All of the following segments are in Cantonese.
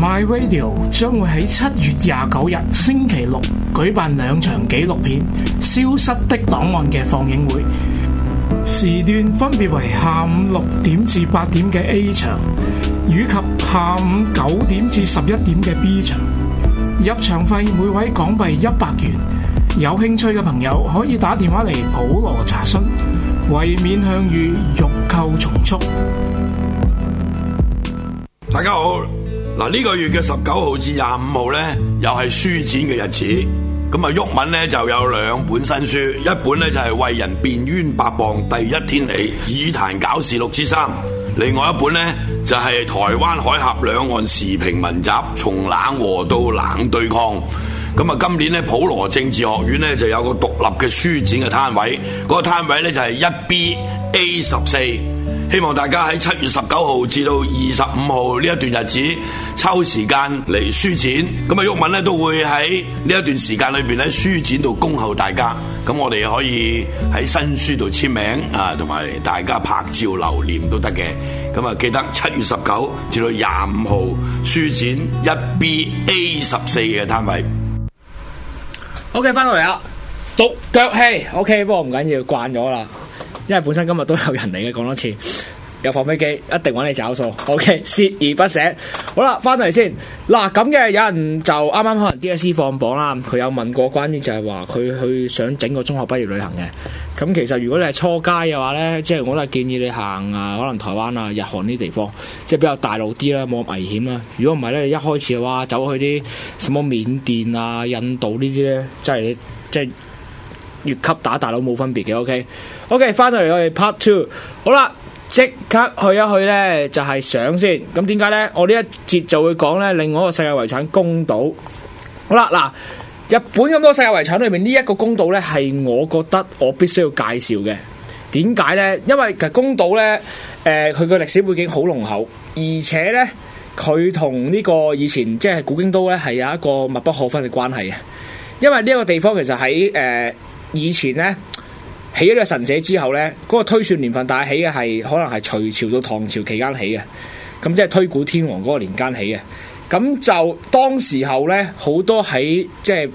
My Radio 將會喺七月廿九日星期六舉辦兩場紀錄片《消失的檔案》嘅放映會，時段分別為下午六點至八點嘅 A 場，以及下午九點至十一點嘅 B 場。入場費每位港幣一百元，有興趣嘅朋友可以打電話嚟普羅查詢，為免向隅欲購從速。大家好。嗱，呢個月嘅十九號至廿五號咧，又係書展嘅日子，咁啊寵文咧就有兩本新書，一本咧就係、是《為人辯冤白謗》第一天理，《以談搞事錄之三》，另外一本咧就係、是《台灣海峽兩岸時評文集：從冷和到冷對抗》。咁啊，今年咧普羅政治學院咧就有個獨立嘅書展嘅攤位，嗰、那個攤位咧就係一 B A 十四。希望大家喺七月十九號至到二十五號呢一段日子抽時間嚟書展，咁啊毓民咧都會喺呢一段時間裏邊咧書展度恭候大家，咁我哋可以喺新書度簽名啊，同埋大家拍照留念都得嘅，咁啊記得七月十九至到廿五號書展一 B A 十四嘅攤位。O K 翻到嚟啦，獨腳氣。O K 不過唔緊要，慣咗啦。因為本身今日都有人嚟嘅，講多次有放飛機，一定搵你找數，OK，鍥而不捨。好啦，翻嚟先。嗱咁嘅，有人就啱啱可能 DSE 放榜啦，佢有問過關於，關於就係話佢去想整個中學畢業旅行嘅。咁其實如果你係初階嘅話呢，即係我都建議你行啊，可能台灣啊、日韓呢啲地方，即係比較大路啲啦，冇咁危險啦。如果唔係咧，你一開始嘅話，走去啲什麼緬甸啊、印度呢啲呢，即係你即係。越級打大佬冇分別嘅，OK，OK，翻到嚟我哋 part two，好啦，即刻去一去呢就係上先。咁點解呢？我呢一節就會講呢，另外一個世界遺產宮島。好啦，嗱，日本咁多世界遺產裏面呢一個宮島呢，係我覺得我必須要介紹嘅。點解呢？因為其實宮島呢，誒，佢嘅歷史背景好濃厚，而且呢佢同呢個以前即係古京都呢係有一個密不可分嘅關係嘅。因為呢一個地方其實喺誒。以前呢，起咗個神社之後呢，嗰、那個推算年份，大起嘅係可能係隋朝到唐朝期間起嘅，咁即係推古天皇嗰個年間起嘅。咁就當時候呢，好多喺即係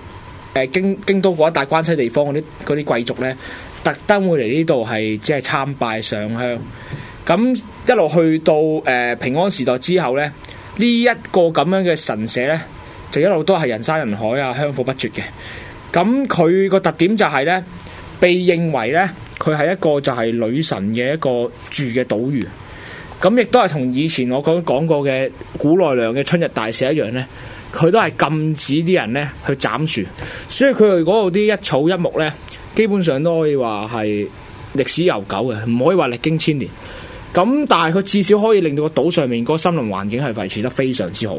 京京都嗰一帶關西地方嗰啲嗰啲貴族呢，特登會嚟呢度係即係參拜上香。咁一路去到誒、呃、平安時代之後呢，呢一個咁樣嘅神社呢，就一路都係人山人海啊，香火不絕嘅。咁佢個特點就係呢，被認為呢，佢係一個就係女神嘅一個住嘅島嶼。咁亦都係同以前我講講過嘅古奈良嘅春日大社一樣呢，佢都係禁止啲人呢去斬樹，所以佢哋嗰度啲一草一木呢，基本上都可以話係歷史悠久嘅，唔可以話歷經千年。咁但係佢至少可以令到個島上面嗰個森林環境係維持得非常之好。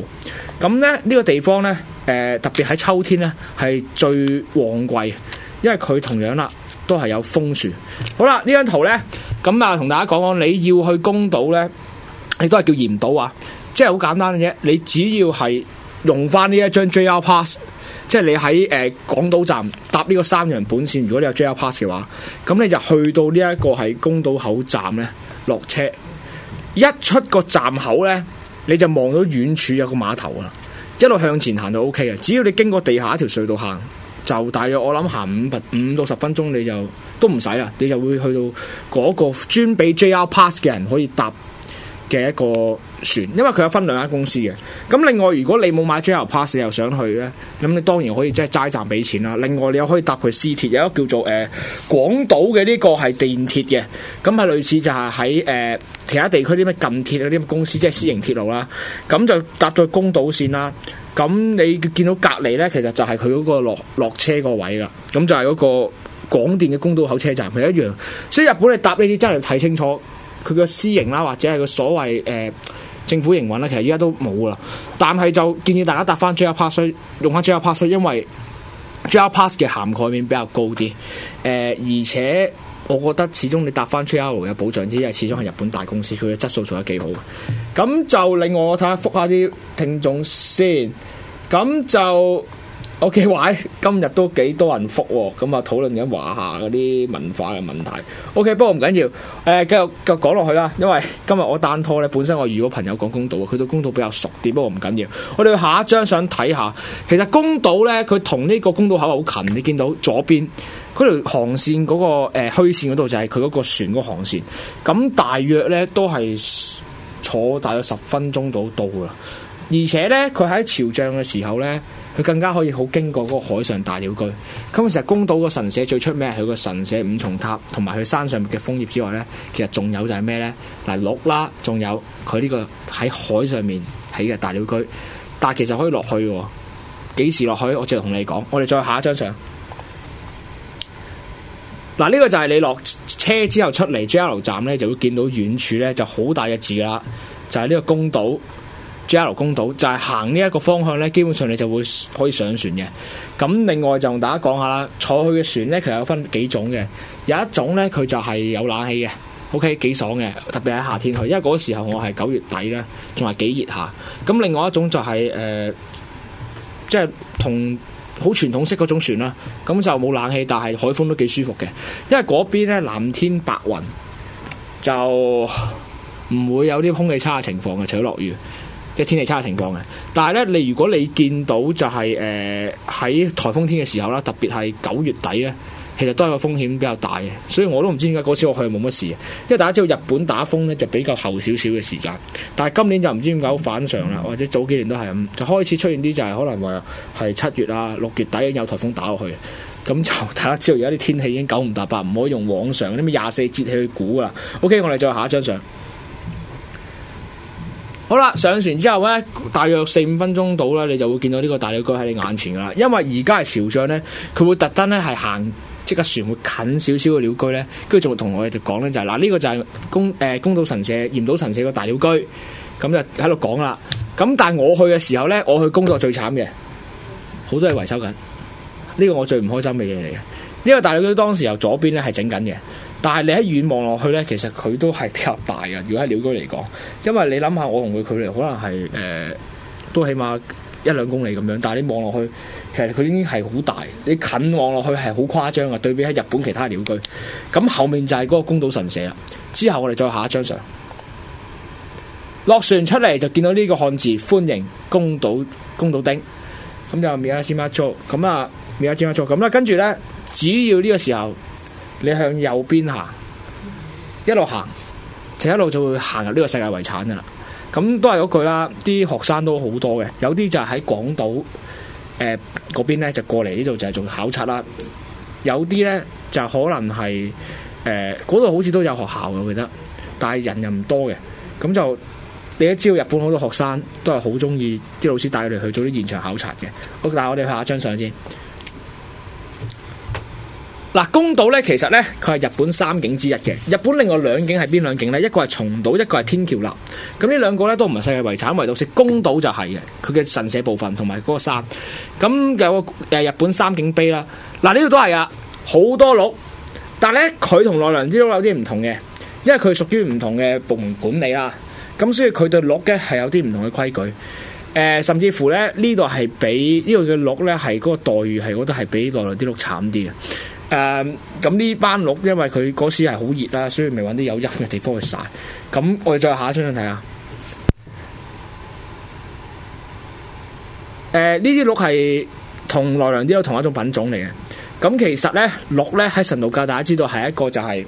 咁咧呢、這個地方呢，誒、呃、特別喺秋天呢，係最旺季，因為佢同樣啦都係有楓樹。好啦，呢張圖呢，咁啊同大家講講你要去宮島呢，你都係叫嚴島啊，即係好簡單嘅啫。你只要係用翻呢一張 JR Pass，即係你喺誒廣島站搭呢個山陽本線，如果你有 JR Pass 嘅話，咁你就去到呢一個係宮島口站呢。落車，一出個站口呢，你就望到遠處有個碼頭啦！一路向前行就 O K 啦，只要你經過地下一條隧道行，就大約我諗行五五到十分鐘，你就都唔使啦，你就會去到嗰個專俾 J R Pass 嘅人可以搭。嘅一個船，因為佢有分兩間公司嘅。咁另外，如果你冇買 JR pass 又想去呢，咁你當然可以即係齋站俾錢啦。另外，你又可以搭佢私鐵，有一個叫做誒、呃、廣島嘅呢個係電鐵嘅，咁係類似就係喺誒其他地區啲咩近鐵嗰啲公司，即係私營鐵路啦。咁就搭到公島線啦。咁你見到隔離呢，其實就係佢嗰個落落車個位啦。咁就係嗰個廣電嘅公島口車站，係一樣。所以日本你搭呢啲真係要睇清楚。佢嘅私營啦，或者係個所謂誒、呃、政府營運啦，其實依家都冇啦。但係就建議大家搭翻 JR Pass，用翻 JR Pass，因為 JR Pass 嘅涵蓋面比較高啲。誒、呃，而且我覺得始終你搭翻 JR 有保障啲，因為始終係日本大公司，佢嘅質素做得幾好。咁就令我睇下覆下啲聽眾先。咁就。O.K.，喂，今日都幾多人覆喎？咁、嗯、啊，討論緊華夏嗰啲文化嘅問題。O.K.，不過唔緊要，誒、呃，繼續繼續講落去啦。因為今日我單拖咧，本身我遇個朋友講宮島，佢對宮島比較熟啲，不過唔緊要。我哋去下一張相睇下，其實宮島咧，佢同呢個宮島口好近。你見到左邊嗰條航線嗰、那個誒、呃、虛線嗰度，就係佢嗰個船個航線。咁大約咧都係坐大約十分鐘到到啦。而且咧，佢喺潮漲嘅時候咧。佢更加可以好經過嗰個海上大鳥居。咁其實宮島個神社最出名係佢個神社五重塔同埋佢山上面嘅楓葉之外呢，其實仲有就係咩呢？嗱，鹿啦，仲有佢呢個喺海上面起嘅大鳥居。但係其實可以落去嘅、哦。幾時落去？我再同你講。我哋再下一張相。嗱、啊，呢、這個就係你落車之後出嚟 JR 站呢，就會見到遠處呢就好大嘅字啦，就係呢、就是、個宮島。JR 宮島就係行呢一個方向呢，基本上你就會可以上船嘅。咁另外就同大家講下啦，坐去嘅船呢，其實有分幾種嘅。有一種呢，佢就係有冷氣嘅，OK，幾爽嘅。特別喺夏天去，因為嗰個時候我係九月底呢，仲係幾熱下。咁另外一種就係、是、誒，即係同好傳統式嗰種船啦。咁就冇冷氣，但係海風都幾舒服嘅。因為嗰邊呢，藍天白雲，就唔會有啲空氣差嘅情況嘅，除咗落雨。即係天氣差嘅情況嘅，但係咧，你如果你見到就係誒喺颱風天嘅時候啦，特別係九月底咧，其實都係個風險比較大嘅，所以我都唔知點解嗰次我去冇乜事，嘅，因為大家知道日本打風咧就比較後少少嘅時間，但係今年就唔知點解好反常啦，嗯、或者早幾年都係咁，就開始出現啲就係可能話係七月啊、六月底有颱風打落去，咁就大家知道而家啲天氣已經九唔搭八，唔可以用往常啲咩廿四節氣去估啦。OK，我哋再下一張相。好啦，上船之後呢，大約四五分鐘到啦，你就會見到呢個大鳥居喺你眼前噶啦。因為而家係潮漲呢，佢會特登呢，係行即係船會近少少嘅鳥居呢，跟住仲同我哋講呢，就係嗱，呢個就係宮誒，宮島神社，嚴島神社個大鳥居，咁就喺度講啦。咁但係我去嘅時候呢，我去工作最慘嘅，好多係維修緊，呢個我最唔開心嘅嘢，嚟嘅。呢個大鳥居當時由左邊呢，係整緊嘅。但係你喺遠望落去呢，其實佢都係比較大嘅。如果喺鳥居嚟講，因為你諗下，我同佢距離可能係誒、呃、都起碼一兩公里咁樣。但係你望落去，其實佢已經係好大。你近望落去係好誇張嘅。對比喺日本其他鳥居，咁後面就係嗰個宮島神社啦。之後我哋再下一張相，落船出嚟就見到呢個漢字歡迎宮島宮島町。咁就米亞斯馬初，咁啊米亞斯馬初。咁啦，跟住呢，只要呢個時候。你向右邊行，一路行，就一路就會行入呢個世界遺產噶啦。咁都係嗰句啦，啲學生都好多嘅，有啲就喺廣島誒嗰、呃、邊咧，就過嚟呢度就係做考察啦。有啲咧就可能係誒嗰度好似都有學校，嘅。我記得，但係人又唔多嘅。咁就你都知道，日本好多學生都係好中意啲老師帶佢哋去做啲現場考察嘅。好，嗱，我哋拍張相先。嗱，宮島咧，其實咧佢係日本三景之一嘅。日本另外兩景係邊兩景呢？一個係松島，一個係天橋立。咁呢兩個咧都唔係世界遺產，唯獨是宮島就係嘅。佢嘅神社部分同埋嗰個山，咁有個誒日本三景碑啦。嗱呢度都係啊，好多鹿，但係咧佢同奈良啲鹿有啲唔同嘅，因為佢屬於唔同嘅部門管理啦。咁所以佢對鹿嘅係有啲唔同嘅規矩。誒、呃，甚至乎咧呢度係比呢度嘅鹿咧係嗰個待遇係，我覺得係比奈良啲鹿慘啲嘅。誒，咁呢、嗯、班鹿，因為佢嗰時係好熱啦，所以未搵啲有蔭嘅地方去晒。咁、嗯、我哋再下一張圖睇下。誒、呃，呢啲鹿係同奈良都有同一種品種嚟嘅。咁、嗯、其實咧，鹿咧喺神道教大家知道係一個就係、是、誒、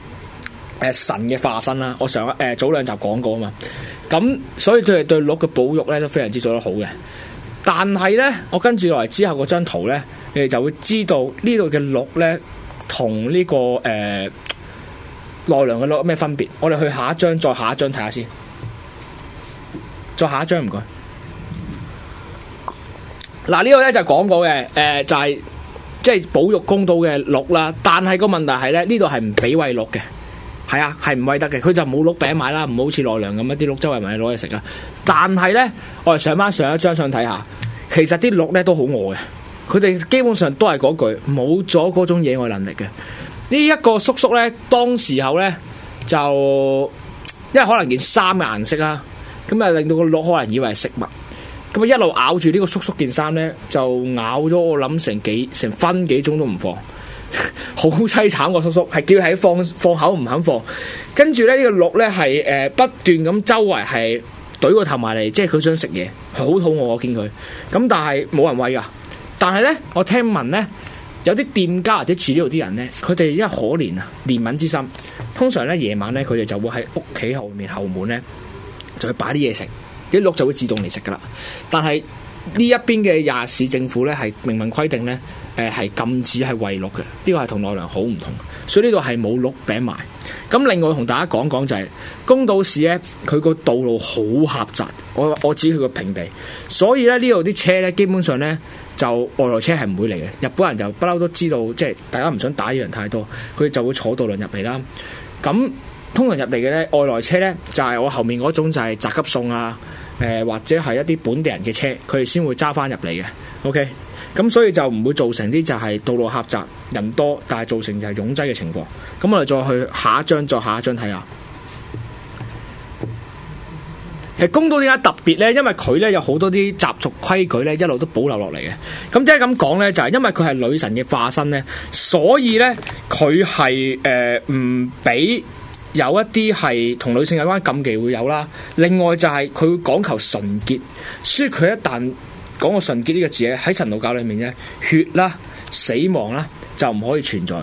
呃、神嘅化身啦。我上誒、呃、早兩集講過啊嘛。咁、嗯、所以佢哋對鹿嘅保育咧都非常之做得好嘅。但係咧，我跟住落嚟之後嗰張圖咧，你就會知道呢度嘅鹿咧。同呢、這個誒奈良嘅鹿有咩分別？我哋去下一張，再下一張睇下先，再下一張唔該。嗱呢個咧就講、是、過嘅，誒、呃、就係即係保育公道嘅鹿啦。但係個問題係咧，呢度係唔俾喂鹿嘅，係啊係唔喂得嘅。佢就冇鹿餅買啦，唔好似奈良咁一啲鹿周圍咪攞嘢食啦。但係咧，我哋上翻上一張相睇下，其實啲鹿咧都好餓嘅。佢哋基本上都係嗰句，冇咗嗰種野外能力嘅。呢、這、一個叔叔呢，當時候呢，就，因為可能件衫嘅顏色啦，咁啊令到個鹿可能以為係食物，咁啊一路咬住呢個叔叔件衫呢，就咬咗我諗成幾成分幾鐘都唔放，好 淒慘個叔叔，係叫佢喺放放口唔肯放，跟住咧呢、這個鹿呢，係誒、呃、不斷咁周圍係懟個頭埋嚟，即係佢想食嘢，好肚餓我見佢，咁但係冇人餵噶。但係咧，我聽聞咧，有啲店家或者住呢度啲人咧，佢哋因為可憐啊，憐憫之心，通常咧夜晚咧，佢哋就會喺屋企後面後門咧，就去擺啲嘢食，啲鹿就會自動嚟食噶啦。但係呢一邊嘅廿市政府咧係明文規定咧，誒、呃、係禁止係餵鹿嘅，呢個係同奈良好唔同。所以呢度係冇鹿餅賣。咁另外同大家講講就係，公道市呢，佢個道路好狹窄。我我指佢個平地，所以咧呢度啲車呢，基本上呢就外來車係唔會嚟嘅。日本人就不嬲都知道，即係大家唔想打擾人太多，佢就會坐渡輪入嚟啦。咁通常入嚟嘅呢，外來車呢，就係我後面嗰種就係宅急送啊。誒，或者係一啲本地人嘅車，佢哋先會揸翻入嚟嘅。OK，咁所以就唔會造成啲就係道路狹窄、人多，但係造成就係擁擠嘅情況。咁我哋再去下一張，再下一張睇下。其公 都點解特別呢？因為佢呢有好多啲習俗規矩呢，矩一路都保留落嚟嘅。咁即係咁講呢，就係、是、因為佢係女神嘅化身呢，所以呢，佢係誒唔俾。有一啲係同女性有關禁忌會有啦，另外就係佢會講求純潔，所以佢一旦講個純潔呢個字咧，喺神道教裡面咧，血啦、死亡啦就唔可以存在。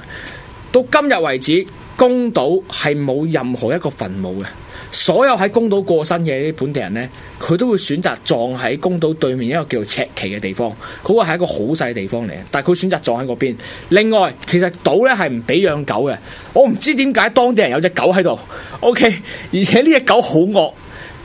到今日為止，宮島係冇任何一個墳墓嘅。所有喺宮島過身嘅本地人呢，佢都會選擇葬喺宮島對面一個叫做赤崎嘅地方。嗰、那個係一個好細嘅地方嚟，但係佢選擇葬喺嗰邊。另外，其實島呢係唔俾養狗嘅。我唔知點解當地人有隻狗喺度。OK，而且呢隻狗好惡。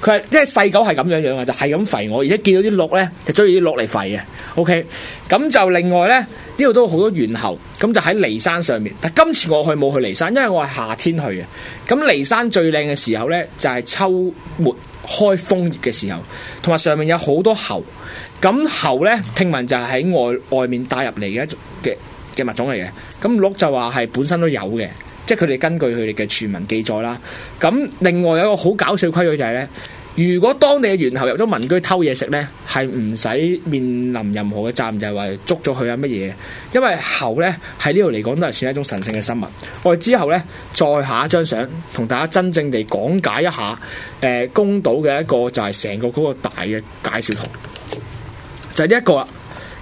佢係即係細狗係咁樣樣嘅，就係咁吠我，而家見到啲鹿咧，就追住啲鹿嚟吠嘅。OK，咁就另外咧，呢度都有好多猿猴，咁就喺彌山上面。但今次我去冇去彌山，因為我係夏天去嘅。咁彌山最靚嘅時候咧，就係秋末開楓葉嘅時候，同埋上面有好多猴。咁猴咧，聽聞就係喺外外面帶入嚟嘅一種嘅嘅物種嚟嘅。咁鹿就話係本身都有嘅。即係佢哋根據佢哋嘅傳聞記載啦。咁另外有一個好搞笑規矩就係、是、咧，如果當地嘅猿猴入咗民居偷嘢食咧，係唔使面臨任何嘅責任，就係、是、話捉咗佢啊乜嘢？因為猴咧喺呢度嚟講都係算一種神聖嘅生物。我哋之後咧再下一張相，同大家真正地講解一下誒宮、呃、島嘅一個就係成個嗰個大嘅介紹圖，就係呢一個。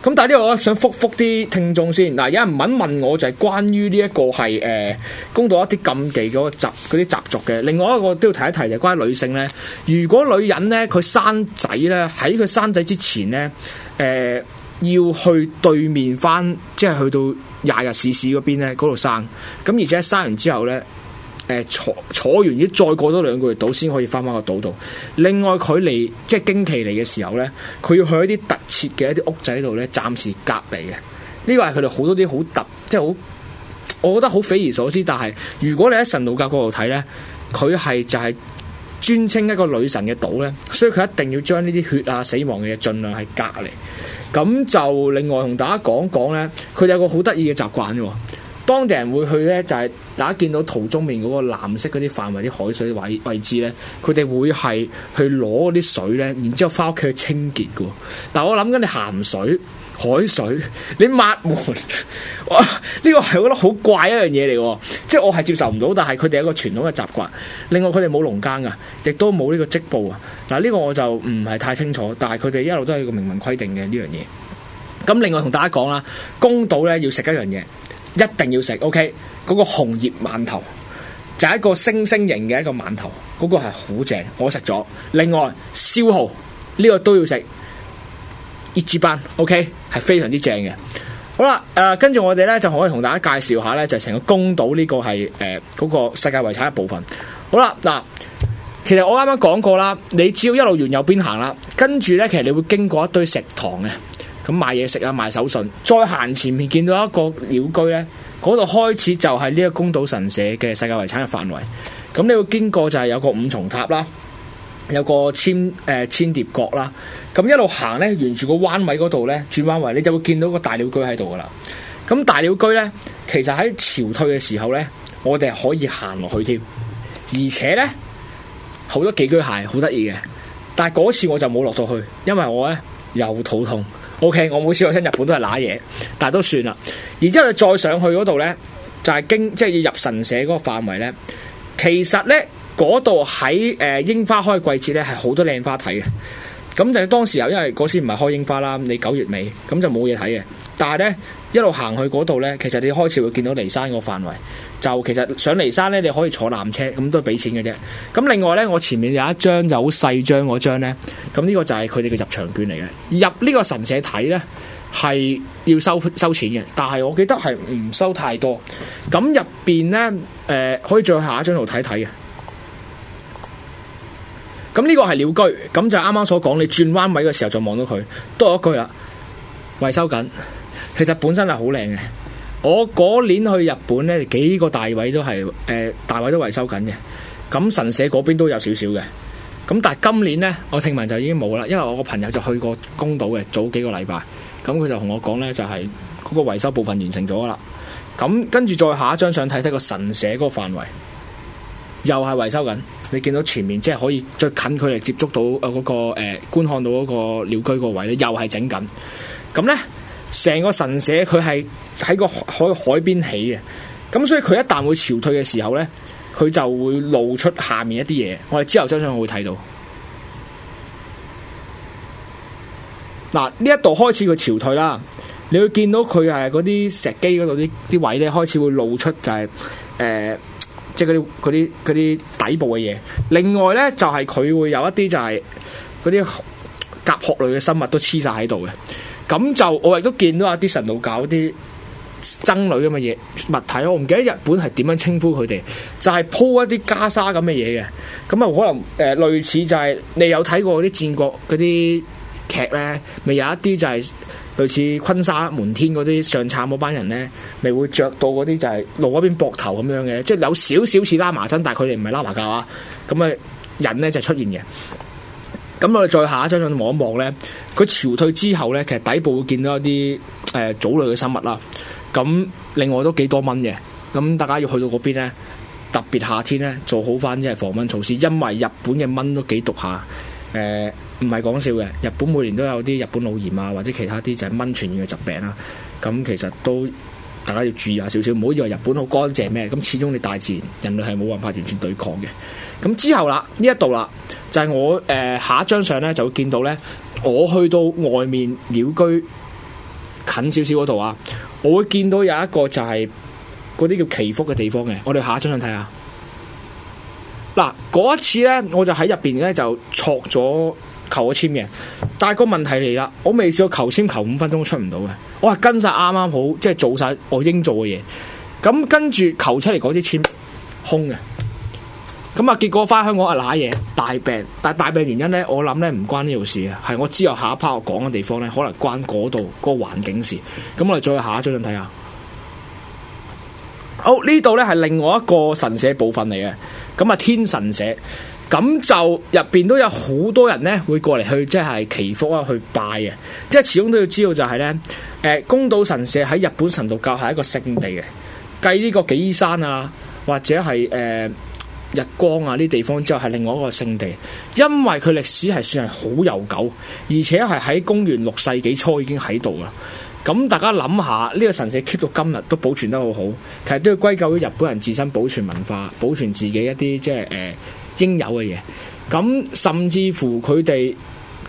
咁但係呢，我想覆覆啲聽眾先。嗱，有人問問我就係、是、關於呢、呃、一個係誒，講到一啲禁忌嗰個習嗰啲習俗嘅。另外一個都要提一提就係、是、關於女性咧。如果女人咧佢生仔咧，喺佢生仔之前咧，誒、呃、要去對面返，即係去到廿日市市嗰邊咧，嗰度生。咁而且生完之後咧。誒，坐坐完已經，再過多兩個月到先可以翻翻個島度。另外佢嚟即係經期嚟嘅時候呢，佢要去一啲特設嘅一啲屋仔度呢，暫時隔離嘅。呢個係佢哋好多啲好特，即係好，我覺得好匪夷所思。但係如果你喺神道教嗰度睇呢，佢係就係專稱一個女神嘅島呢，所以佢一定要將呢啲血啊、死亡嘅嘢盡量係隔離。咁就另外同大家講講呢，佢有個好得意嘅習慣嘅當地人會去呢，就係、是、大家見到圖中面嗰個藍色嗰啲範圍啲海水位位置呢，佢哋會係去攞嗰啲水呢，然之後翻屋企去清潔嘅。但我諗緊你鹹水海水，你抹門，哇！呢、這個係我覺得好怪一樣嘢嚟喎，即係我係接受唔到，但係佢哋係一個傳統嘅習慣。另外佢哋冇農耕噶，亦都冇呢個職務織布啊。嗱、這、呢個我就唔係太清楚，但係佢哋一路都係個明文規定嘅呢樣嘢。咁另外同大家講啦，宮島呢要食一樣嘢。一定要食，OK，嗰個紅葉饅頭就係、是、一個星星形嘅一個饅頭，嗰、那個係好正，我食咗。另外，燒蠔呢個都要食，一支班，OK，係非常之正嘅。好啦，誒、呃，跟住我哋咧就可以同大家介紹下咧，就成、是、個宮島呢個係誒嗰個世界遺產一部分。好啦，嗱，其實我啱啱講過啦，你只要一路沿右邊行啦，跟住咧其實你會經過一堆食堂嘅。咁買嘢食啊，買手信。再行前面見到一個鳥居呢，嗰度開始就係呢個宮島神社嘅世界遺產嘅範圍。咁你要經過就係有個五重塔啦，有個千誒、千疊閣啦。咁、呃、一路行呢，沿住個彎位嗰度呢，轉彎位你就會見到個大鳥居喺度噶啦。咁大鳥居呢，其實喺潮退嘅時候呢，我哋係可以行落去添。而且呢，多好多寄居蟹好得意嘅，但係嗰次我就冇落到去，因為我呢又肚痛。O.K. 我每次去親日本都係瀨嘢，但係都算啦。然之後再上去嗰度呢，就係經即係要入神社嗰個範圍呢。其實呢，嗰度喺誒櫻花開季節呢，係好多靚花睇嘅。咁就當時候因為嗰時唔係開櫻花啦，你九月尾咁就冇嘢睇嘅。但係呢。一路行去嗰度呢，其實你開始會見到離山個範圍。就其實上離山呢，你可以坐纜車，咁都俾錢嘅啫。咁另外呢，我前面有一張就好細張嗰張呢，咁呢個就係佢哋嘅入場券嚟嘅。入呢個神社睇呢，係要收收錢嘅，但係我記得係唔收太多。咁入邊呢，誒、呃、可以再下一張度睇睇嘅。咁呢個係鳥居，咁就啱啱所講，你轉彎位嘅時候就望到佢。都多有一句啦，維修緊。其實本身係好靚嘅，我嗰年去日本呢幾個大位都係誒、呃、大位都維修緊嘅，咁神社嗰邊都有少少嘅，咁但係今年呢，我聽聞就已經冇啦，因為我個朋友就去過宮島嘅早幾個禮拜，咁佢就同我講呢，就係、是、嗰個維修部分完成咗啦，咁跟住再下一張相睇睇個神社嗰個範圍，又係維修緊，你見到前面即係可以最近距離接觸到嗰、那個誒、呃、觀看到嗰個鳥居個位咧，又係整緊，咁呢。成個神社佢係喺個海海邊起嘅，咁所以佢一旦會潮退嘅時候呢，佢就會露出下面一啲嘢。我哋之後將會睇到。嗱，呢一度開始佢潮退啦，你會見到佢係嗰啲石基嗰度啲啲位呢，開始會露出、就係呃，就係即係嗰啲啲啲底部嘅嘢。另外呢，就係、是、佢會有一啲就係嗰啲甲殼類嘅生物都黐晒喺度嘅。咁就我亦都見到一啲神道教啲僧侶咁嘅嘢物體，我唔記得日本係點樣稱呼佢哋，就係、是、鋪一啲袈裟咁嘅嘢嘅。咁啊可能誒、呃、類似就係、是、你有睇過啲戰國嗰啲劇咧，咪有一啲就係類似昆沙門天嗰啲上杉嗰班人咧，咪會着到嗰啲就係露嗰邊膊頭咁樣嘅，即係有少少似喇嘛僧，但係佢哋唔係喇嘛教啊。咁啊人咧就出現嘅。咁我哋再下一張相望一望呢，佢潮退之後呢，其實底部會見到一啲誒藻類嘅生物啦。咁另外都幾多蚊嘅，咁大家要去到嗰邊呢，特別夏天呢，做好翻即係防蚊措施，因為日本嘅蚊都幾毒下，誒唔係講笑嘅，日本每年都有啲日本腦炎啊，或者其他啲就係蚊傳染嘅疾病啦、啊。咁其實都。大家要注意下少少，唔好以為日本好乾淨咩，咁始終你大自然人類係冇辦法完全對抗嘅。咁之後啦，呢一度啦，就係、是、我誒、呃、下一張相咧就會見到咧，我去到外面鳥居近少少嗰度啊，我會見到有一個就係嗰啲叫祈福嘅地方嘅，我哋下一張相睇下。嗱，嗰一次咧，我就喺入邊咧就戳咗。求我籤嘅，但係個問題嚟啦，我未試過求籤求五分鐘都出唔到嘅，我係跟晒啱啱好，即係做晒我應做嘅嘢，咁跟住求出嚟嗰啲籤空嘅，咁啊結果翻香港啊瀨嘢大病，但係大病原因咧，我諗咧唔關呢度事嘅，係我之後下一 part 我講嘅地方咧，可能關嗰度個環境事，咁我哋再去下一張張睇下。好，呢度呢係另外一個神社部分嚟嘅，咁啊天神社，咁就入邊都有好多人呢會過嚟去即係祈福啊，去拜嘅。即係始終都要知道就係呢誒，嚴島神社喺日本神道教係一個聖地嘅，繼呢個紀伊山啊，或者係誒、呃、日光啊呢地方之後係另外一個聖地，因為佢歷史係算係好悠久，而且係喺公元六世紀初已經喺度噶。咁大家諗下，呢、這個神社 keep 到今日都保存得好好，其實都要歸咎於日本人自身保存文化、保存自己一啲即係誒應有嘅嘢。咁、嗯、甚至乎佢哋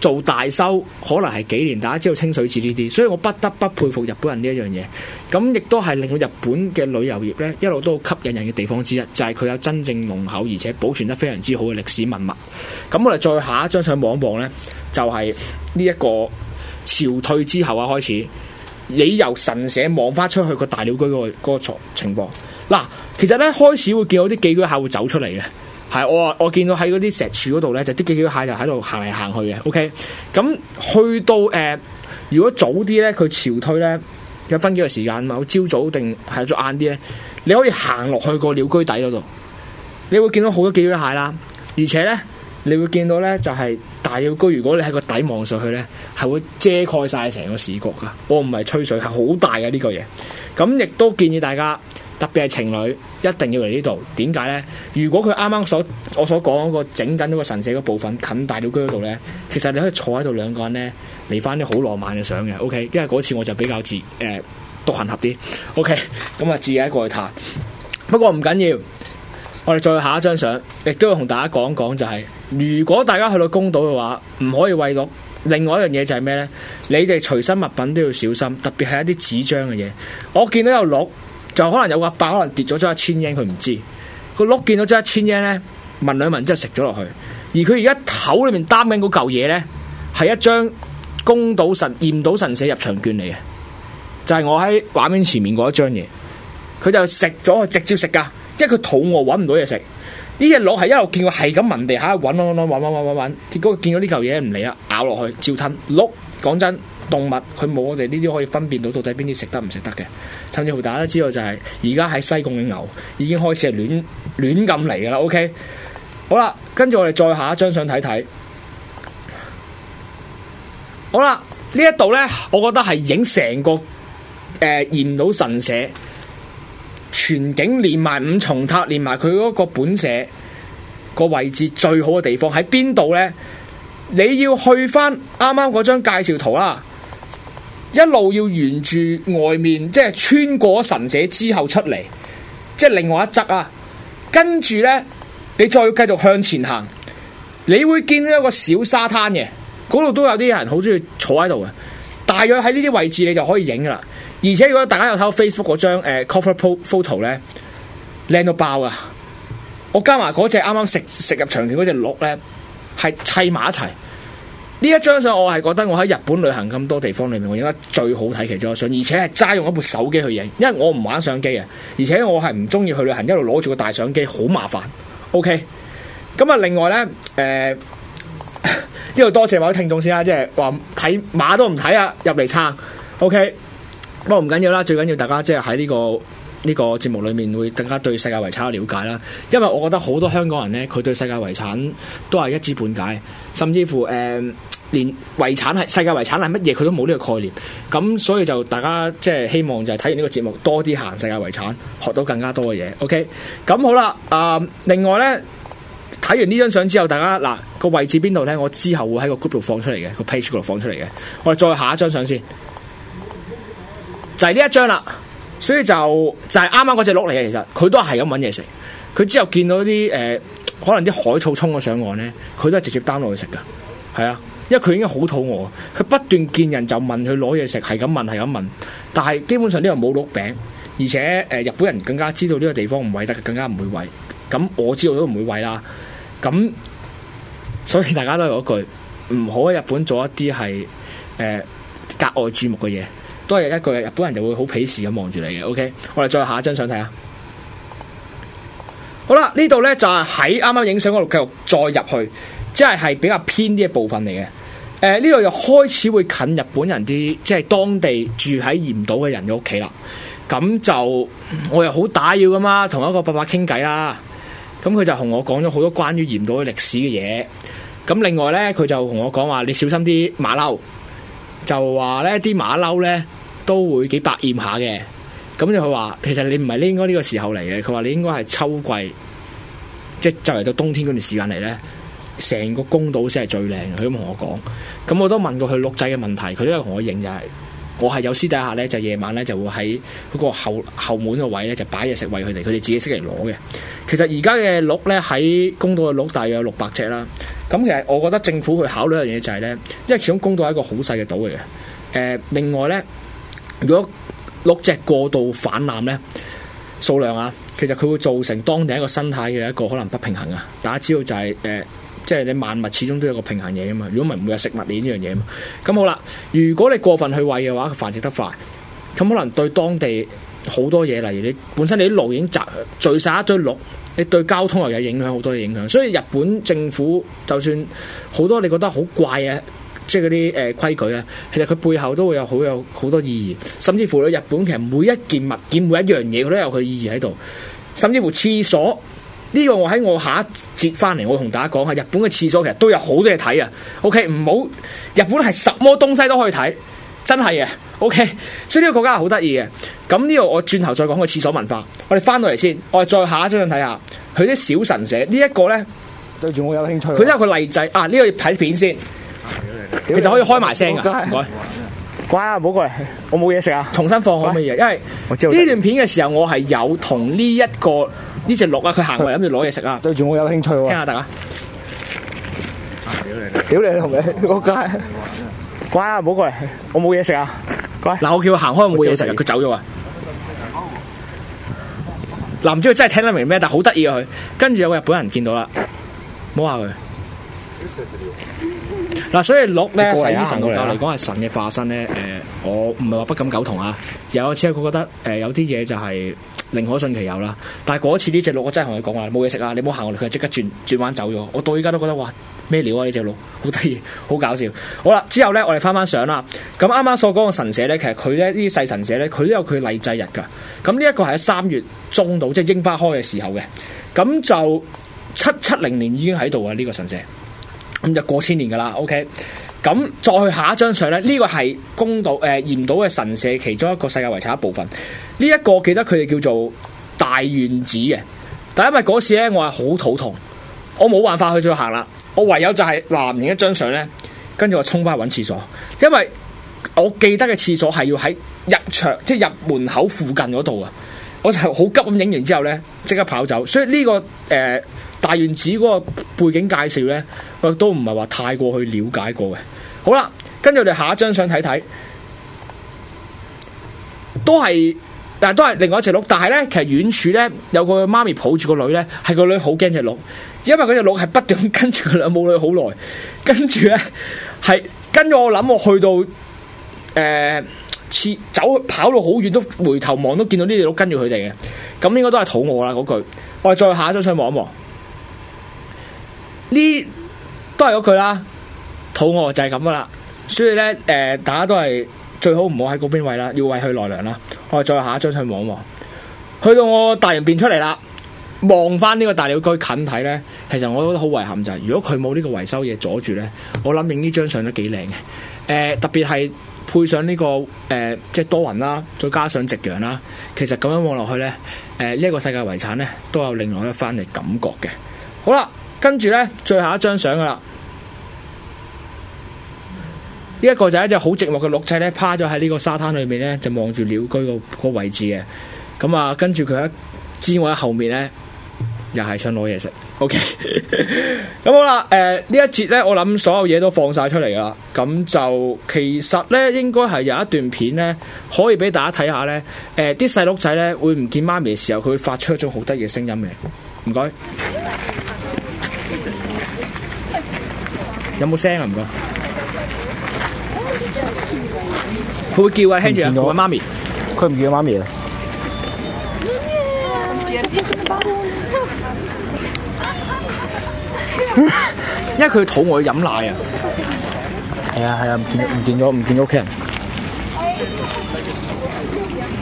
做大修，可能係幾年。大家知道清水寺呢啲，所以我不得不佩服日本人呢一樣嘢。咁、嗯、亦都係令到日本嘅旅遊業呢一路都好吸引人嘅地方之一，就係、是、佢有真正濃厚而且保存得非常之好嘅歷史文物。咁、嗯、我哋再下一張相望一望呢，就係呢一個潮退之後啊，開始。你由神社望翻出去個大鳥居個、嗰個情況，嗱，其實咧開始會見到啲寄居蟹會走出嚟嘅，係我我見到喺嗰啲石柱嗰度咧，就啲、是、寄居蟹就喺度行嚟行去嘅，OK，咁去到誒、呃，如果早啲咧佢潮退咧有分幾個時間嘛，朝早定係咗晏啲咧，你可以行落去個鳥居底嗰度，你會見到好多寄居蟹啦，而且咧。你會見到呢，就係、是、大鳥居。如果你喺個底望上去呢，係會遮蓋晒成個視覺噶。我唔係吹水，係好大嘅呢個嘢。咁亦都建議大家，特別係情侶一定要嚟呢度。點解呢？如果佢啱啱所我所講嗰個整緊嗰個神社嘅部分近大鳥居嗰度呢，其實你可以坐喺度兩個人呢，嚟翻啲好浪漫嘅相嘅。OK，因為嗰次我就比較自誒獨、呃、行俠啲。OK，咁啊自己一個去探。不過唔緊要。我哋再下一張相，亦都要同大家講講、就是，就係如果大家去到宮島嘅話，唔可以餵鹿。另外一樣嘢就係咩呢？你哋隨身物品都要小心，特別係一啲紙張嘅嘢。我見到有鹿，就可能有個伯可能跌咗張一千英，佢唔知個鹿見到咗一千英呢，聞兩聞之後食咗落去。而佢而家口裏面擔緊嗰嚿嘢呢，係一張宮島神嚴島神社入場券嚟嘅，就係、是、我喺畫面前面嗰一張嘢，佢就食咗，直接食㗎。即係佢肚餓，揾唔到嘢食。呢隻鹿係一路見佢係咁聞地下，搵搵搵搵搵結果見到呢嚿嘢唔嚟啦，咬落去照吞。鹿講真，動物佢冇我哋呢啲可以分辨到到底邊啲食得唔食得嘅。甚至乎大家都知道就係而家喺西貢嘅牛已經開始係亂亂咁嚟噶啦。OK，好啦，跟住我哋再下一張相睇睇。好啦，呢一度呢，我覺得係影成個誒嚴島神社。全景連埋五重塔，連埋佢嗰個本社個位置最好嘅地方喺邊度呢？你要去返啱啱嗰張介紹圖啦，一路要沿住外面，即係穿過神社之後出嚟，即係另外一側啊。跟住呢，你再繼續向前行，你會見到一個小沙灘嘅，嗰度都有啲人好中意坐喺度嘅，大約喺呢啲位置你就可以影噶啦。而且如果大家有睇過 Facebook 嗰張誒、呃、cover photo 咧，靚到爆啊！我加埋嗰隻啱啱食食入場嘅嗰隻鹿咧，係砌埋一齊呢一張相。我係覺得我喺日本旅行咁多地方裏面，我影得最好睇其中一張相，而且係齋用一部手機去影，因為我唔玩相機啊。而且我係唔中意去旅行，一路攞住個大相機好麻煩。OK，咁啊，另外咧誒、呢、呃、度 多謝某啲聽眾先啦，即係話睇馬都唔睇啊，入嚟撐 OK。不過唔緊要啦，最緊要大家即係喺呢個呢、呢個節目裏面會更加對世界遺產有了解啦。因為我覺得好多香港人呢，佢對世界遺產都係一知半解，甚至乎誒、呃、連遺產係世界遺產係乜嘢佢都冇呢個概念。咁所以就大家即係希望就係睇完呢個節目多啲行世界遺產，學到更加多嘅嘢。OK，咁好啦。誒、呃，另外呢，睇完呢張相之後，大家嗱個位置邊度呢？我之後會喺個 group 度放出嚟嘅，個 page 嗰度放出嚟嘅。我哋再下一張相先。就係呢一張啦，所以就就係啱啱嗰隻鹿嚟嘅。其實佢都係咁搵嘢食，佢之後見到啲誒、呃、可能啲海草沖咗上岸呢，佢都係直接 d 落去食噶。係啊，因為佢已經好肚餓，佢不斷見人就問佢攞嘢食，係咁問係咁問。但係基本上呢度冇鹿餅，而且誒、呃、日本人更加知道呢個地方唔餵得，更加唔會餵。咁我知道都唔會餵啦。咁所以大家都係嗰句，唔好喺日本做一啲係誒格外注目嘅嘢。都係一句，日本人就會好鄙視咁望住你嘅。OK，我哋再下一張相睇下。好啦，呢度呢就係喺啱啱影相嗰度繼續再入去，即係係比較偏啲嘅部分嚟嘅。誒、呃，呢度又開始會近日本人啲，即係當地住喺嚴島嘅人嘅屋企啦。咁就、嗯、我又好打擾咁嘛，同一個伯伯傾偈啦。咁佢就同我講咗好多關於嚴島嘅歷史嘅嘢。咁另外呢，佢就同我講話：你小心啲馬騮，就話呢啲馬騮呢。都會幾百厭下嘅，咁就佢話其實你唔係應該呢個時候嚟嘅，佢話你應該係秋季，即係就嚟到冬天嗰段時間嚟呢，成個公島先係最靚。佢咁同我講，咁我都問過佢鹿仔嘅問題，佢都係同我認就係，我係有私底下呢，就夜晚呢就會喺嗰個後後門個位呢，就擺嘢食餵佢哋，佢哋自己識嚟攞嘅。其實而家嘅鹿呢，喺公島嘅鹿大約有六百隻啦，咁其實我覺得政府去考慮一樣嘢就係呢，因為始終公島係一個好細嘅島嚟嘅。誒、呃，另外呢。如果鹿隻過度氾濫呢，數量啊，其實佢會造成當地一個生態嘅一個可能不平衡啊！大家知道就係、是、誒、呃，即係你萬物始終都有一個平衡嘢啊嘛。如果唔係，唔會有食物鏈呢樣嘢啊嘛。咁好啦，如果你過分去餵嘅話，繁殖得快，咁可能對當地好多嘢，例如你本身你啲路已經窄聚晒一堆鹿，你對交通又有影響，好多影響。所以日本政府就算好多你覺得好怪嘅。即係嗰啲誒規矩啊，其實佢背後都會有好有好多意義，甚至乎日本其實每一件物件、每一樣嘢，佢都有佢意義喺度。甚至乎廁所呢個我喺我下一節翻嚟，我同大家講下日本嘅廁所其實都有好多嘢睇啊。OK，唔好，日本係什麼東西都可以睇，真係啊。OK，所以呢個國家係好得意嘅。咁呢個我轉頭再講個廁所文化。我哋翻到嚟先，我哋再下一張睇下佢啲小神社。呢一個咧，對住我有，有興趣。佢有一個例仔啊，呢個要睇片先。其實可以開埋聲噶，唔該，託乖啊，唔好過嚟，我冇嘢食啊，重新放可唔可以？乖因為呢段片嘅時候，我係有同呢一個呢隻、這個、鹿啊，佢行過嚟諗住攞嘢食啊，對住我有興趣喎、啊，聽下得啊。屌你老味，扑街！你乖啊，唔好過嚟，我冇嘢食啊，乖託。嗱，我叫佢行開冇嘢食嘅，佢走咗啊。嗱，唔知佢真係聽得明咩，但好得意啊佢。跟住有個日本人見到啦，唔好話佢。嗱，所以鹿咧，係神道教嚟講係神嘅化身咧，誒、呃，我唔係話不敢苟同啊、呃。有一次佢覺得誒有啲嘢就係寧可信其有啦。但係嗰次呢隻鹿，我真係同佢講話冇嘢食啊！你唔好行我嚟，佢即刻轉轉彎走咗。我到依家都覺得哇咩料啊呢隻鹿，好得意，好搞笑。好啦，之後咧，我哋翻翻上啦。咁啱啱所講嘅神社咧，其實佢咧呢啲細神社咧，佢都有佢例祭日噶。咁呢一個係喺三月中度，即係櫻花開嘅時候嘅。咁就七七零年已經喺度啊呢個神社。咁就過千年噶啦，OK。咁再去下一張相咧，呢個係宮島誒，嚴島嘅神社其中一個世界遺產一部分。呢、這、一個記得佢哋叫做大院子嘅。但因為嗰時咧，我係好肚痛，我冇辦法去再行啦。我唯有就係拿完一張相咧，跟住我衝翻去揾廁所，因為我記得嘅廁所係要喺入場即係入門口附近嗰度啊。我就好急咁影完之後呢，即刻跑走，所以呢、這個誒、呃、大願寺嗰個背景介紹呢，我都唔係話太過去了解過嘅。好啦，跟住我哋下一張相睇睇，都係，但都係另外一隻鹿。但係呢，其實遠處呢，有個媽咪抱住個女呢，係個女好驚隻鹿，因為嗰隻鹿係不斷跟住佢母女好耐，跟住呢，係跟住我諗我去到誒。呃似走跑到好遠都回頭望都見到呢條鹿跟住佢哋嘅，咁應該都係肚餓啦嗰句。我哋再下一張相望一望，呢都係嗰句啦，肚餓就係咁噶啦。所以咧，誒、呃，大家都係最好唔好喺嗰邊餵啦，要餵佢奈良啦。我哋再下一張相望一望，去到我大人變出嚟啦，望翻，呢個大鳥居近睇咧，其實我都好遺憾就係，如果佢冇呢個維修嘢阻住咧，我諗影呢張相都幾靚嘅。誒、呃，特別係。配上呢、呢個誒、呃，即係多雲啦，再加上夕陽啦，其實咁樣望落去呢，誒呢一個世界遺產呢，都有另外一番嘅感覺嘅。好啦，跟住呢，最後一張相噶啦，呢一個就係一隻好寂寞嘅鹿仔呢，趴咗喺呢個沙灘裏面呢，就望住鳥居個位置嘅。咁啊，跟住佢一知我喺後面呢，又係想攞嘢食。OK，咁 好啦。誒、呃，一節呢一節咧，我諗所有嘢,都放晒出嚟啦。咁就其實咧，應該係有一段片咧，可以俾大家睇下咧。誒、呃，啲細路仔咧會唔見媽咪嘅時候，佢會發出一種好得意嘅聲音嘅。唔該， 有冇聲啊？唔該，佢 會叫啊，聽住啊，我媽咪，佢唔叫媽咪啊。 因為佢肚餓飲奶啊，係啊係啊，唔見唔見咗，唔見咗屋企人。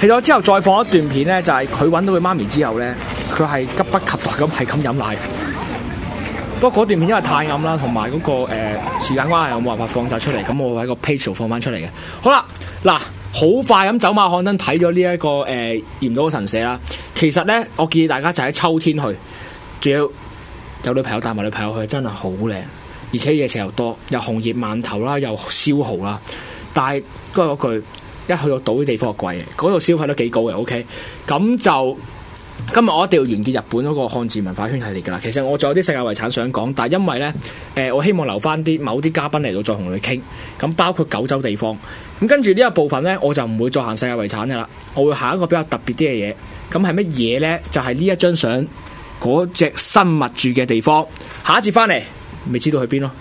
嚟咗 之後再放一段片咧，就係佢搵到佢媽咪之後咧，佢係急不及待咁係咁飲奶。不過嗰段片因為太暗啦，同埋嗰個誒、呃、時間關係，我冇辦法放晒出嚟。咁 我喺個 Patreon 放翻出嚟嘅。好啦，嗱，好快咁走馬看燈睇咗呢一個誒嚴島神社啦。其實咧，我建議大家就喺秋天去，仲要。有女朋友帶埋女朋友去，真係好靚，而且嘢食又多，又紅葉饅頭啦，又燒蠔啦。但係嗰、那個、句，一去到島啲地方就貴，嗰度消費都幾高嘅。OK，咁就今日我一定要完結日本嗰個漢字文化圈系列㗎啦。其實我仲有啲世界遺產想講，但係因為呢，誒、呃，我希望留翻啲某啲嘉賓嚟到再同佢傾。咁包括九州地方。咁跟住呢一部分呢，我就唔會再行世界遺產㗎啦。我會行一個比較特別啲嘅嘢。咁係乜嘢呢？就係、是、呢一張相。隻生物住嘅地方，下一節返嚟咪知道去邊咯。